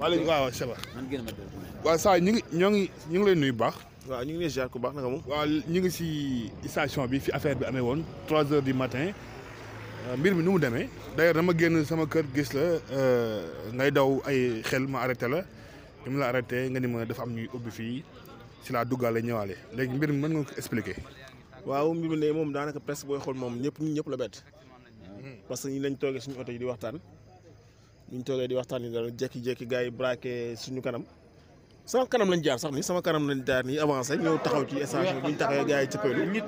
maaleykum waaw ça va. waaw saa ñu ngi ñoo ngi ñu ngi lay nuyu baax. waaw ñu ngi lay ziar ku baax naka mu. waaw ñu ngi si station bi fi affaire bi amee woon trois heures du matin euh, mbir mi nu mu demee. d'ailleurs dama génn sama kër gis la euh, ngay daw ay xel ma arrêté la ni mu la arrêté nga ni ma dafa am ñuy ubbi fii si laa duggaale ñëwaale léegi mbir mi mën nga ko expliquer. waaw mbir mi ne moom daanaka presque booy xool moom ñëpp ñun ñëpp la bett. Hmm. parce que ñi lañ toogee suñu oto yi di waxtaan. ñu toogee di waxtaan ni daal jékki-jékki gars yi braqué suñu kanam sama kanam lañ jaar sax ni sama kanam lañ jaar ni avancé ñëw taxaw ci station bi ñu taxawee gars cëppeelu nit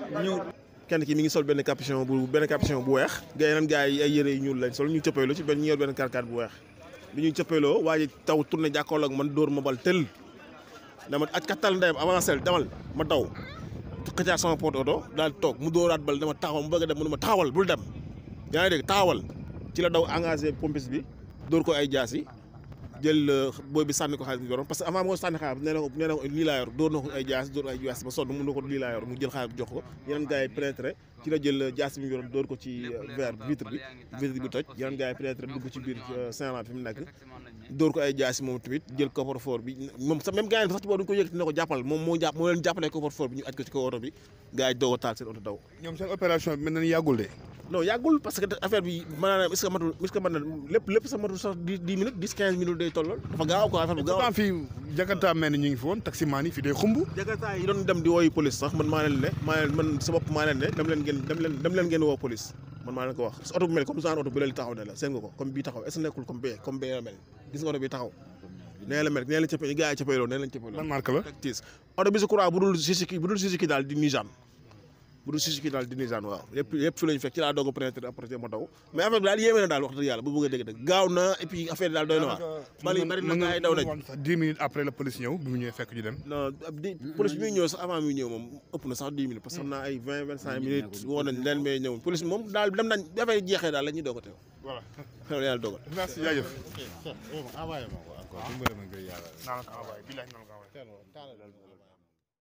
kenn ki mi ngi sol benn capuchon bu benn capuchon bu weex gars yi neen gars yi ay yére ñuul lañ sol ñu cëppeelu ci benn ñu yor benn karkaat bu weex bi ñuy cëppeeloo waa ji taw tourné jàkkaarloo ak man door ma bal tëll dama aj kattal ndeyam avancé damal ma daw xëccaat sama porte oto daal toog mu dóoraat bal dama taxaw bëgg a dem mu ma taxawal bul dem yaa ngi ci la daw engagé pompiste bi dóor ko ay jaas yi jël euh, booy bi sànni ko xaalis bi yoroon ko nee dóor na ko ay jaas dóor ay sonn mun na ko lii mu jël xaalis bi jox ko yeneen gars yi pénétré ci la jël euh, jaas bi mu yoroon dóor ko ci euh, verre yi moom tamit jël coffre-fort bi moom sax même gars yi sax ci boobu duñu ko yëkkati ne ko jàppal moom moo jàpp moo leen bi ñu aj ko ci kaw oto bi gars yi doog taal seen oto daw ñoom seen opération bi mel na ni non yàggul parce que affaire bi maanaam est-ce que matul est-ce que mën na lépp lépp sax matul sax dix minutes dix quinze minutes day tollal dafa gaaw quoi affaire bu gaaw fii Jakarta mel ni ñu ngi fi woon taximaan yi fii day xumb Jakarta yi doon dem di wooyu police sax man maa leen ne maa leen man sa bopp maa leen ne dem leen ngeen dem leen dem leen ngeen woo police man maa leen ko wax parce que oto bu mel comme genre oto bi leen taxaw ne la seen nga ko comme bii taxaw est-ce que nekkul comme bee comme bee la mel gis nga oto bi taxaw nee la mel nee la cëpp gars yi cëppaloo nee lañ cëppaloo man marque la oto bi si courant bu dul Suzuki bu dul Suzuki daal di Nissan bu dul Suzuki daal Dinizane waaw yëpp yëpp lañu fekk ci laa doog a pénétrer ma daw mais affaire bi daal yéeme na daal wax yàlla bu bëgg a dégg gaaw na et puis affaire daal doy na waar bali bari na gars yi daw nañ minutes après la police ñëw bi ñëwee fekk ñu dem police muy ñëw sax avant muy ñëw moom ëpp na sax dix minutes parce que naa ay vingt vingt cinq minutes woo leen mais ñëwuñ police moom daal dem nañ dafay jeexee daal la